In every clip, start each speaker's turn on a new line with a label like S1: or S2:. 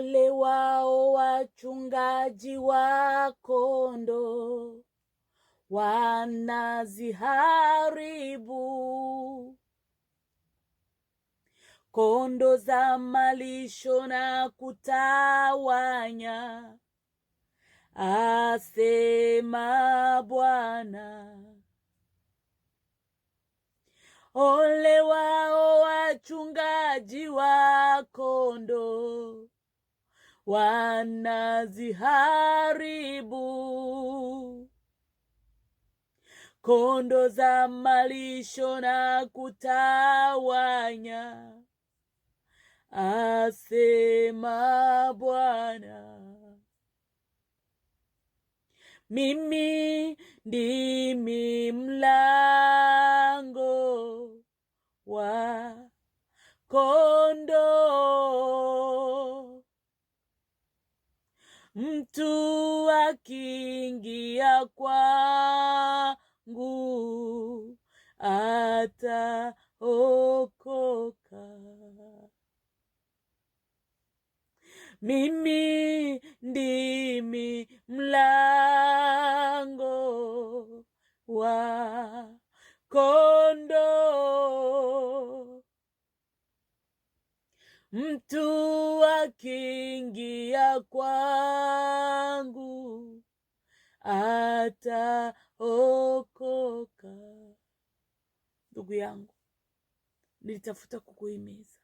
S1: Ole wao wachungaji wa kondo wanaziharibu kondo za malisho na kutawanya, asema Bwana. Ole wao wachungaji wa kondoo wanaziharibu kondo za malisho na kutawanya, asema Bwana. Mimi ndimi mlaa Mtu akiingia kwangu ataokoka. Mimi ndimi Mtu akiingia kwangu ataokoka.
S2: Ndugu yangu, nilitafuta kukuhimiza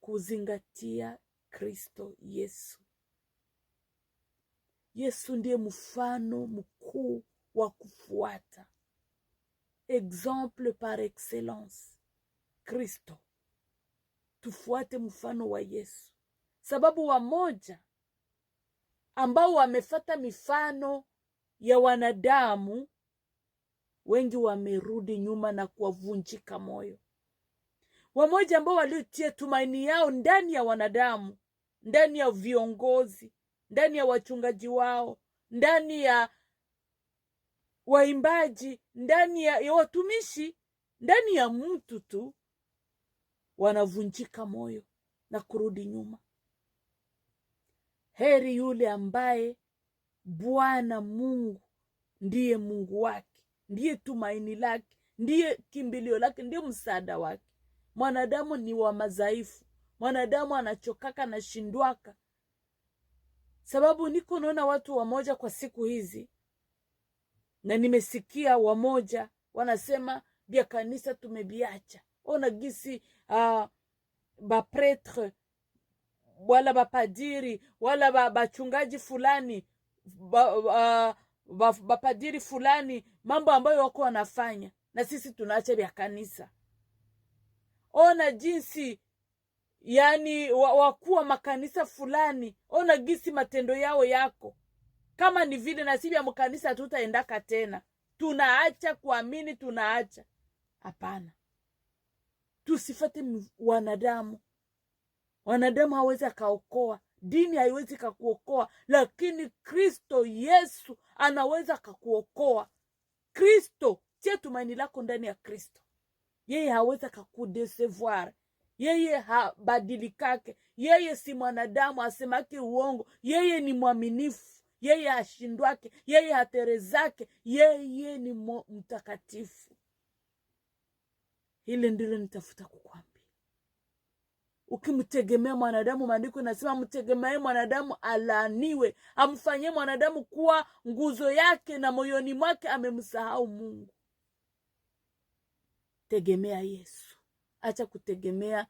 S2: kuzingatia Kristo Yesu. Yesu ndiye mfano mkuu wa kufuata, exemple par excellence Kristo tufuate mfano wa Yesu, sababu wamoja ambao wamefata mifano ya wanadamu wengi wamerudi nyuma na kuwavunjika moyo. Wamoja ambao waliotia tumaini yao ndani ya wanadamu, ndani ya viongozi, ndani ya wachungaji wao, ndani ya waimbaji, ndani ya, ya watumishi, ndani ya mtu tu, wanavunjika moyo na kurudi nyuma. Heri yule ambaye Bwana Mungu ndiye Mungu wake, ndiye tumaini lake, ndiye kimbilio lake, ndiye msaada wake. Mwanadamu ni wa madhaifu, mwanadamu anachokaka na shindwaka. Sababu niko naona watu wamoja kwa siku hizi, na nimesikia wamoja wanasema vya kanisa tumeviacha, ona gisi uh, ah, bapretre wala bapadiri wala bachungaji fulani ba, ba, bapadiri fulani mambo ambayo wako wanafanya, na sisi tunaacha vya kanisa. Ona jinsi yani wakuwa makanisa fulani, ona gisi matendo yao yako kama ni vile, na sisi vya mkanisa, hatutaendaka tena, tunaacha kuamini, tunaacha hapana. Tusifate wanadamu. Wanadamu hawezi akaokoa, dini haiwezi kakuokoa, lakini Kristo Yesu anaweza kakuokoa. Kristo tia tumaini lako ndani ya Kristo. Yeye hawezi akakudesevoir, yeye habadilikake, yeye si mwanadamu asemake uongo, yeye ni mwaminifu, yeye hashindwake, yeye haterezake, yeye ni mtakatifu. Hili ndilo nitafuta kukwambia. Ukimtegemea mwanadamu, maandiko nasema mtegemee mwanadamu alaaniwe, amfanyie mwanadamu kuwa nguzo yake, na moyoni mwake amemsahau Mungu. Tegemea Yesu, acha kutegemea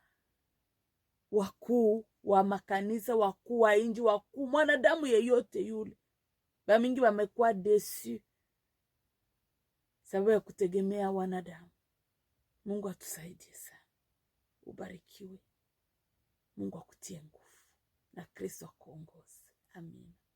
S2: wakuu wa makanisa, wakuu wa inji, wakuu mwanadamu yeyote yule. Bamingi wamekuwa desu sababu ya kutegemea wanadamu. Mungu atusaidie sana. Ubarikiwe. Mungu akutie nguvu na Kristo akuongoze. Amina.